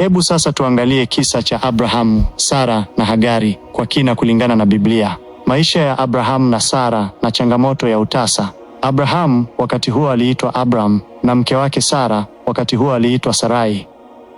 Hebu sasa tuangalie kisa cha Abrahamu, Sara na Hagari kwa kina kulingana na Biblia. Maisha ya Abrahamu na Sara na changamoto ya utasa. Abrahamu wakati huo aliitwa Abram na mke wake Sara wakati huo aliitwa Sarai.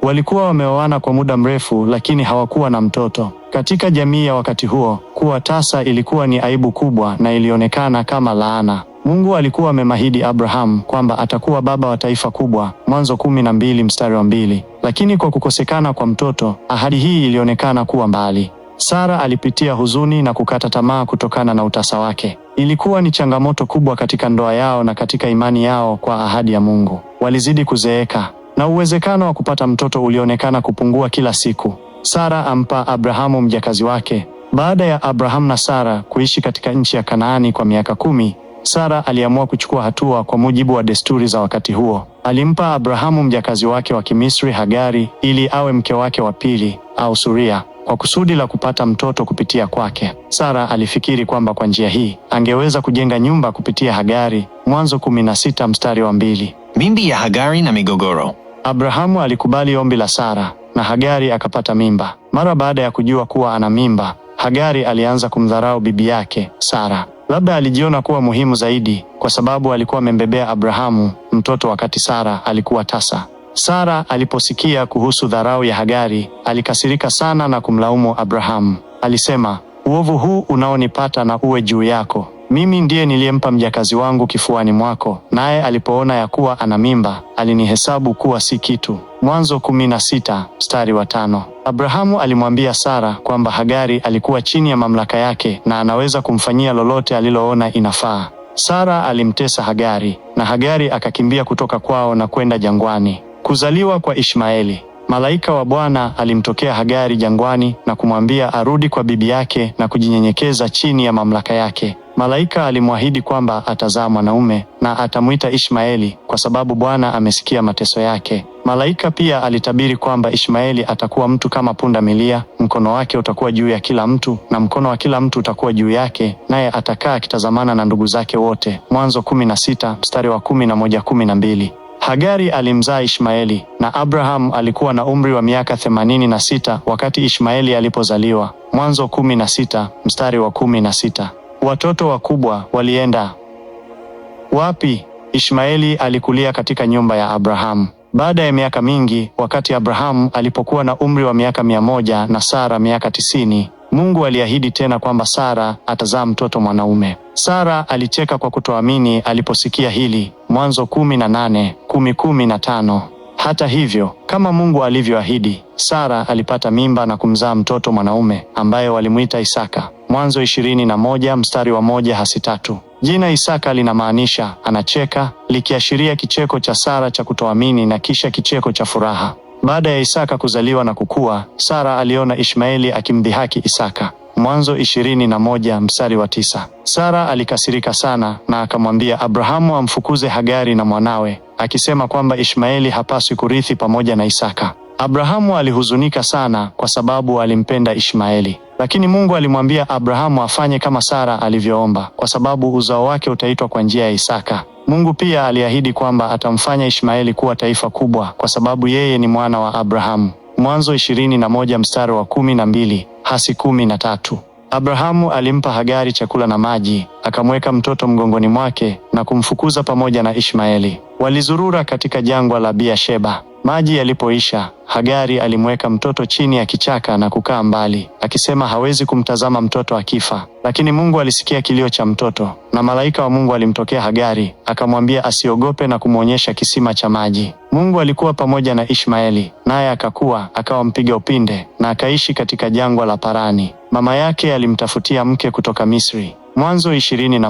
Walikuwa wameoana kwa muda mrefu lakini hawakuwa na mtoto. Katika jamii ya wakati huo, kuwa tasa ilikuwa ni aibu kubwa na ilionekana kama laana. Mungu alikuwa amemahidi Abrahamu kwamba atakuwa baba wa taifa kubwa, Mwanzo kumi na mbili mstari wa mbili. Lakini kwa kukosekana kwa mtoto, ahadi hii ilionekana kuwa mbali. Sara alipitia huzuni na kukata tamaa kutokana na utasa wake. Ilikuwa ni changamoto kubwa katika ndoa yao na katika imani yao kwa ahadi ya Mungu. Walizidi kuzeeka na uwezekano wa kupata mtoto ulionekana kupungua kila siku. Sara ampa Abrahamu mjakazi wake. Baada ya Abrahamu na Sara kuishi katika nchi ya Kanaani kwa miaka kumi, Sara aliamua kuchukua hatua kwa mujibu wa desturi za wakati huo. Alimpa Abrahamu mjakazi wake wa Kimisri Hagari ili awe mke wake wa pili au suria kwa kusudi la kupata mtoto kupitia kwake. Sara alifikiri kwamba kwa njia hii angeweza kujenga nyumba kupitia Hagari. Mwanzo 16 mstari wa mbili. Mimbi ya Hagari na migogoro. Abrahamu alikubali ombi la Sara na Hagari akapata mimba. Mara baada ya kujua kuwa ana mimba, Hagari alianza kumdharau bibi yake Sara. Labda alijiona kuwa muhimu zaidi kwa sababu alikuwa amembebea Abrahamu mtoto wakati Sara alikuwa tasa. Sara aliposikia kuhusu dharau ya Hagari, alikasirika sana na kumlaumu Abrahamu. Alisema, uovu huu unaonipata na uwe juu yako. Mimi ndiye niliyempa mjakazi wangu kifuani mwako, naye alipoona ya kuwa ana mimba alinihesabu kuwa si kitu. Mwanzo kumi na sita mstari wa tano. Abrahamu alimwambia Sara kwamba Hagari alikuwa chini ya mamlaka yake na anaweza kumfanyia lolote aliloona inafaa. Sara alimtesa Hagari na Hagari akakimbia kutoka kwao na kwenda jangwani. Kuzaliwa kwa Ishmaeli. Malaika wa Bwana alimtokea Hagari jangwani na kumwambia arudi kwa bibi yake na kujinyenyekeza chini ya mamlaka yake. Malaika alimwahidi kwamba atazaa mwanaume na atamwita Ishmaeli kwa sababu Bwana amesikia mateso yake. Malaika pia alitabiri kwamba Ishmaeli atakuwa mtu kama punda milia, mkono wake utakuwa juu ya kila mtu na mkono wa kila mtu utakuwa juu yake, naye atakaa akitazamana na ndugu zake wote. Mwanzo 16 mstari wa 11 na mbili. Hagari alimzaa Ishmaeli na Abraham alikuwa na umri wa miaka themanini na sita wakati Ishmaeli alipozaliwa. Mwanzo kumi na sita mstari wa kumi na sita. Watoto wakubwa walienda wapi? Ishmaeli alikulia katika nyumba ya Abrahamu. Baada ya miaka mingi, wakati Abrahamu alipokuwa na umri wa miaka mia moja na Sara miaka tisini, Mungu aliahidi tena kwamba Sara atazaa mtoto mwanaume. Sara alicheka kwa kutoamini aliposikia hili. Mwanzo kumi na nane kumi kumi na tano. Hata hivyo, kama Mungu alivyoahidi, Sara alipata mimba na kumzaa mtoto mwanaume ambaye walimwita Isaka. Mwanzo ishirini na moja mstari wa moja hasi tatu. Jina Isaka linamaanisha anacheka, likiashiria kicheko cha Sara cha kutoamini na kisha kicheko cha furaha. Baada ya Isaka kuzaliwa na kukua, Sara aliona Ishmaeli akimdhihaki Isaka. Mwanzo ishirini na moja mstari wa tisa. Sara alikasirika sana na akamwambia Abrahamu amfukuze Hagari na mwanawe akisema kwamba Ishmaeli hapaswi kurithi pamoja na Isaka. Abrahamu alihuzunika sana kwa sababu alimpenda Ishmaeli, lakini Mungu alimwambia Abrahamu afanye kama Sara alivyoomba, kwa sababu uzao wake utaitwa kwa njia ya Isaka. Mungu pia aliahidi kwamba atamfanya Ishmaeli kuwa taifa kubwa, kwa sababu yeye ni mwana wa Abrahamu. Mwanzo ishirini na moja mstari wa kumi na mbili hasi kumi na tatu. Abrahamu alimpa Hagari chakula na maji, akamweka mtoto mgongoni mwake na kumfukuza pamoja na Ishmaeli. Walizurura katika jangwa la biasheba Maji yalipoisha, Hagari alimweka mtoto chini ya kichaka na kukaa mbali, akisema hawezi kumtazama mtoto akifa. Lakini Mungu alisikia kilio cha mtoto, na malaika wa Mungu alimtokea Hagari, akamwambia asiogope na kumwonyesha kisima cha maji. Mungu alikuwa pamoja na Ishmaeli, naye akakuwa akawa mpiga upinde na akaishi katika jangwa la Parani. Mama yake alimtafutia mke kutoka Misri. Mwanzo ishirini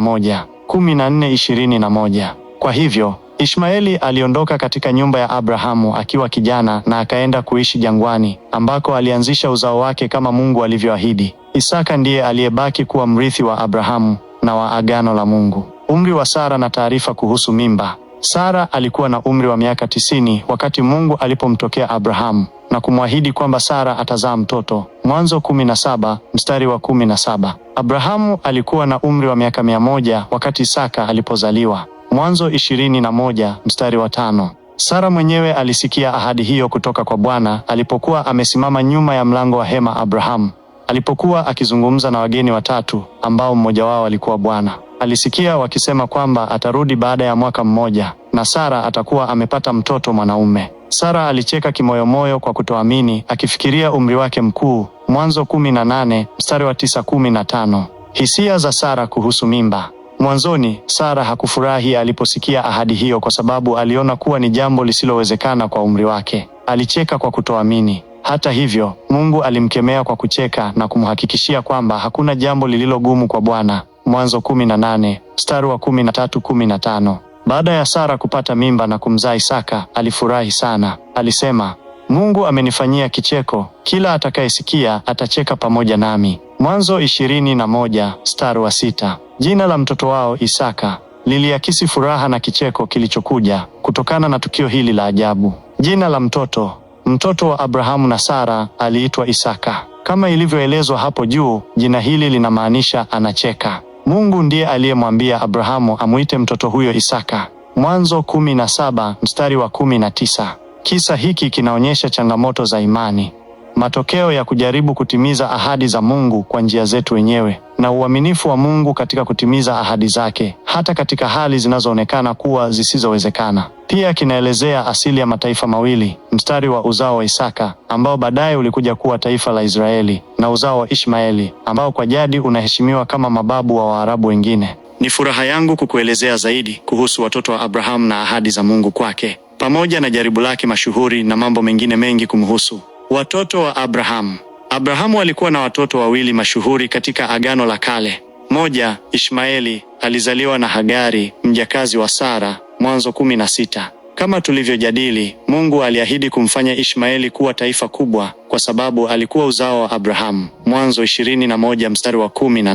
Kwa hivyo Ishmaeli aliondoka katika nyumba ya Abrahamu akiwa kijana na akaenda kuishi jangwani ambako alianzisha uzao wake kama Mungu alivyoahidi. Isaka ndiye aliyebaki kuwa mrithi wa Abrahamu na wa agano la Mungu. Umri wa Sara na taarifa kuhusu mimba. Sara alikuwa na umri wa miaka tisini wakati Mungu alipomtokea Abrahamu na kumwahidi kwamba Sara atazaa mtoto. Mwanzo 17 mstari wa saba. Abrahamu alikuwa na umri wa miaka mia moja wakati Isaka alipozaliwa. Mwanzo ishirini na moja mstari wa tano. Sara mwenyewe alisikia ahadi hiyo kutoka kwa Bwana alipokuwa amesimama nyuma ya mlango wa hema Abrahamu, alipokuwa akizungumza na wageni watatu ambao mmoja wao alikuwa Bwana. Alisikia wakisema kwamba atarudi baada ya mwaka mmoja na Sara atakuwa amepata mtoto mwanaume. Sara alicheka kimoyomoyo kwa kutoamini akifikiria umri wake mkuu. Mwanzo 18 mstari wa tisa kumi tano. Hisia za Sara kuhusu mimba. Mwanzoni Sara hakufurahi aliposikia ahadi hiyo, kwa sababu aliona kuwa ni jambo lisilowezekana kwa umri wake. Alicheka kwa kutoamini. Hata hivyo, Mungu alimkemea kwa kucheka na kumhakikishia kwamba hakuna jambo lililogumu kwa Bwana. Mwanzo 18 mstari wa 13 15. Baada ya Sara kupata mimba na kumzaa Isaka, alifurahi sana. Alisema, Mungu amenifanyia kicheko, kila atakayesikia atacheka pamoja nami. Mwanzo ishirini na moja mstari wa sita. Jina la mtoto wao Isaka liliakisi furaha na kicheko kilichokuja kutokana na tukio hili la ajabu. Jina la mtoto mtoto wa Abrahamu na Sara aliitwa Isaka. Kama ilivyoelezwa hapo juu, jina hili linamaanisha anacheka. Mungu ndiye aliyemwambia Abrahamu amwite mtoto huyo Isaka. Mwanzo kumi na saba mstari wa kumi na tisa. Kisa hiki kinaonyesha changamoto za imani matokeo ya kujaribu kutimiza ahadi za Mungu kwa njia zetu wenyewe na uaminifu wa Mungu katika kutimiza ahadi zake hata katika hali zinazoonekana kuwa zisizowezekana. Pia kinaelezea asili ya mataifa mawili, mstari wa uzao wa Isaka ambao baadaye ulikuja kuwa taifa la Israeli na uzao wa Ishmaeli ambao kwa jadi unaheshimiwa kama mababu wa Waarabu wengine. Ni furaha yangu kukuelezea zaidi kuhusu watoto wa Abrahamu na ahadi za Mungu kwake, pamoja na jaribu lake mashuhuri na mambo mengine mengi kumhusu. Watoto wa Abrahamu. Abrahamu alikuwa na watoto wawili mashuhuri katika Agano la Kale. Moja, Ishmaeli alizaliwa na Hagari, mjakazi wa Sara, Mwanzo 16 sita. Kama tulivyojadili, Mungu aliahidi kumfanya Ishmaeli kuwa taifa kubwa kwa sababu alikuwa uzao wa Abrahamu, Mwanzo 21 mstari wa 18. na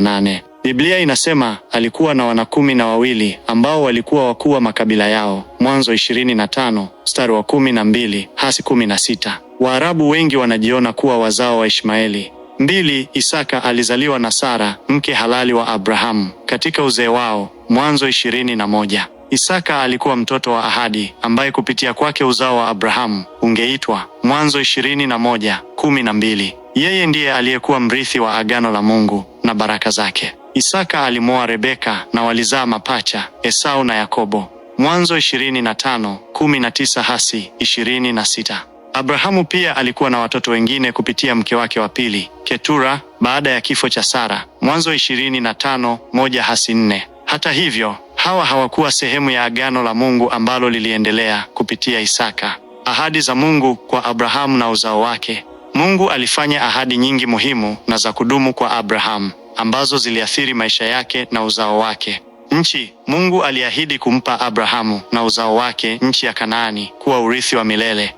Biblia inasema alikuwa na wana kumi na wawili ambao walikuwa wakuu wa makabila yao, Mwanzo 25 mstari wa 12 hasi 16. Waarabu wengi wanajiona kuwa wazao wa Ishmaeli. Mbili, Isaka alizaliwa na Sara, mke halali wa Abrahamu, katika uzee wao, Mwanzo 21. Isaka alikuwa mtoto wa ahadi ambaye kupitia kwake uzao wa Abrahamu ungeitwa, Mwanzo 21:12. Yeye ndiye aliyekuwa mrithi wa agano la Mungu na baraka zake. Isaka alimoa Rebeka na walizaa mapacha Esau na Yakobo. Mwanzo 25, 19 hasi 26. Abrahamu pia alikuwa na watoto wengine kupitia mke wake wa pili Ketura baada ya kifo cha Sara. Mwanzo 25, 1 hasi 4. Hata hivyo, hawa hawakuwa sehemu ya agano la Mungu ambalo liliendelea kupitia Isaka. Ahadi za Mungu kwa Abrahamu na uzao wake. Mungu alifanya ahadi nyingi muhimu na za kudumu kwa Abrahamu ambazo ziliathiri maisha yake na uzao wake. Nchi Mungu aliahidi kumpa Abrahamu na uzao wake nchi ya Kanaani kuwa urithi wa milele.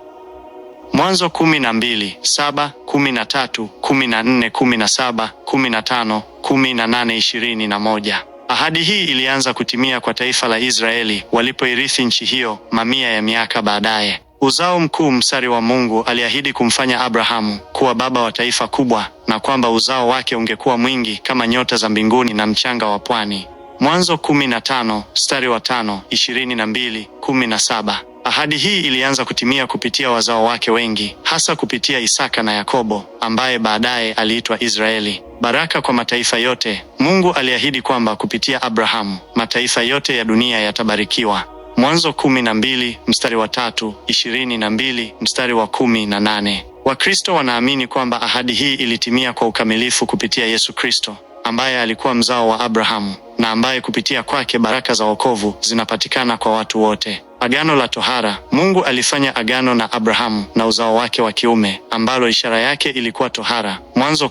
Mwanzo 12, Ahadi hii ilianza kutimia kwa taifa la Israeli walipoirithi nchi hiyo mamia ya miaka baadaye. Uzao mkuu mstari wa Mungu aliahidi kumfanya Abrahamu kuwa baba wa taifa kubwa na kwamba uzao wake ungekuwa mwingi kama nyota za mbinguni na mchanga wa pwani. Mwanzo 15 mstari wa 5, 22, 17. Ahadi hii ilianza kutimia kupitia wazao wake wengi, hasa kupitia Isaka na Yakobo ambaye baadaye aliitwa Israeli. Baraka kwa mataifa yote. Mungu aliahidi kwamba kupitia Abrahamu mataifa yote ya dunia yatabarikiwa. Mwanzo kumi na mbili mstari wa tatu, ishirini na mbili mstari wa kumi na nane. Wakristo wanaamini kwamba ahadi hii ilitimia kwa ukamilifu kupitia Yesu Kristo ambaye alikuwa mzao wa Abrahamu na ambaye kupitia kwake baraka za wokovu zinapatikana kwa watu wote. Agano la tohara. Mungu alifanya agano na Abrahamu na uzao wake wa kiume ambalo ishara yake ilikuwa tohara. Mwanzo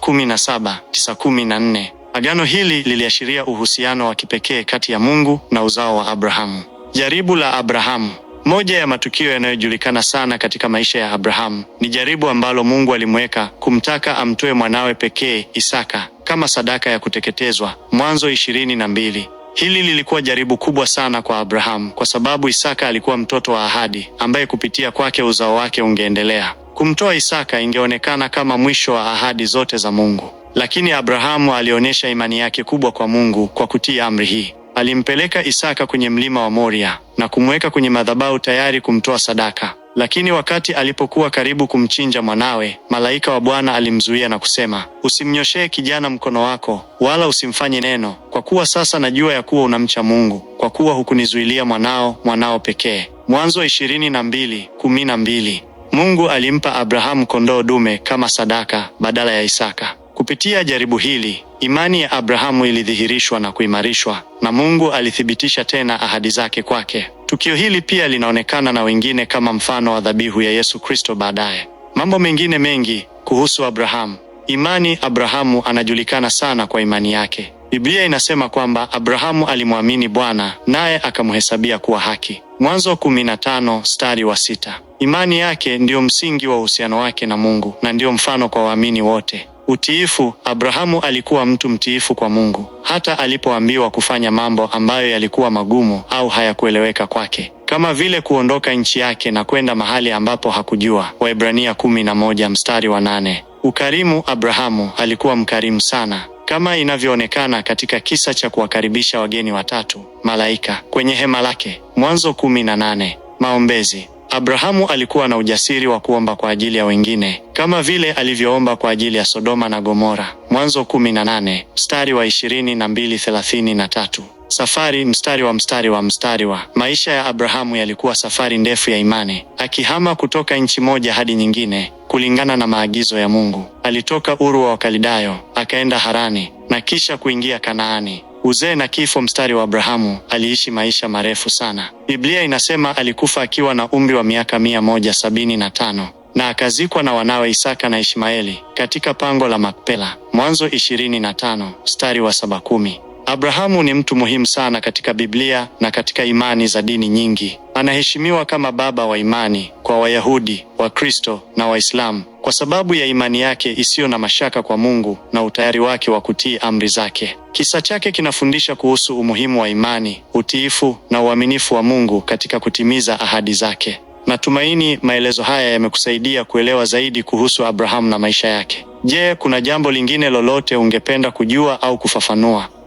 na nne. Agano hili liliashiria uhusiano wa kipekee kati ya Mungu na uzao wa Abrahamu. Jaribu la Abrahamu. Moja ya matukio yanayojulikana sana katika maisha ya Abrahamu ni jaribu ambalo Mungu alimweka kumtaka amtoe mwanawe pekee Isaka kama sadaka ya kuteketezwa, Mwanzo ishirini na mbili. Hili lilikuwa jaribu kubwa sana kwa Abrahamu kwa sababu Isaka alikuwa mtoto wa ahadi ambaye kupitia kwake uzao wake ungeendelea. Kumtoa Isaka ingeonekana kama mwisho wa ahadi zote za Mungu, lakini Abrahamu alionyesha imani yake kubwa kwa Mungu kwa kutii amri hii alimpeleka Isaka kwenye mlima wa Moria na kumweka kwenye madhabahu tayari kumtoa sadaka. Lakini wakati alipokuwa karibu kumchinja mwanawe, malaika wa Bwana alimzuia na kusema, usimnyoshee kijana mkono wako, wala usimfanye neno, kwa kuwa sasa najua ya kuwa unamcha Mungu, kwa kuwa hukunizuilia mwanao, mwanao pekee. Mwanzo 22:12. Mungu alimpa Abrahamu kondoo dume kama sadaka badala ya Isaka. Kupitia jaribu hili, imani ya Abrahamu ilidhihirishwa na kuimarishwa, na Mungu alithibitisha tena ahadi zake kwake. Tukio hili pia linaonekana na wengine kama mfano wa dhabihu ya Yesu Kristo baadaye. Mambo mengine mengi kuhusu Abrahamu. Imani Abrahamu anajulikana sana kwa imani yake. Biblia inasema kwamba Abrahamu alimwamini Bwana naye akamhesabia kuwa haki. Mwanzo 15 stari wa sita. Imani yake ndiyo msingi wa uhusiano wake na Mungu na ndiyo mfano kwa waamini wote. Utiifu. Abrahamu alikuwa mtu mtiifu kwa Mungu hata alipoambiwa kufanya mambo ambayo yalikuwa magumu au hayakueleweka kwake, kama vile kuondoka nchi yake na kwenda mahali ambapo hakujua. Waebrania 11 mstari wa 8. Ukarimu. Abrahamu alikuwa mkarimu sana kama inavyoonekana katika kisa cha kuwakaribisha wageni watatu malaika kwenye hema lake, Mwanzo 18. Maombezi. Abrahamu alikuwa na ujasiri wa kuomba kwa ajili ya wengine kama vile alivyoomba kwa ajili ya Sodoma na Gomora, Mwanzo 18 mstari wa 22:33. Safari mstari wa mstari wa mstari wa maisha ya Abrahamu yalikuwa safari ndefu ya imani, akihama kutoka nchi moja hadi nyingine kulingana na maagizo ya Mungu. Alitoka Uru wa Wakalidayo akaenda Harani na kisha kuingia Kanaani. Uzee na kifo. Mstari wa Abrahamu aliishi maisha marefu sana. Biblia inasema alikufa akiwa na umri wa miaka mia moja sabini na tano na akazikwa na wanawe Isaka na Ishmaeli katika pango la Makpela. Mwanzo 25 mstari wa 7 Abrahamu ni mtu muhimu sana katika Biblia na katika imani za dini nyingi. Anaheshimiwa kama baba wa imani kwa Wayahudi, Wakristo na Waislamu kwa sababu ya imani yake isiyo na mashaka kwa Mungu na utayari wake wa kutii amri zake. Kisa chake kinafundisha kuhusu umuhimu wa imani, utiifu na uaminifu wa Mungu katika kutimiza ahadi zake. Natumaini maelezo haya yamekusaidia kuelewa zaidi kuhusu Abrahamu na maisha yake. Je, kuna jambo lingine lolote ungependa kujua au kufafanua?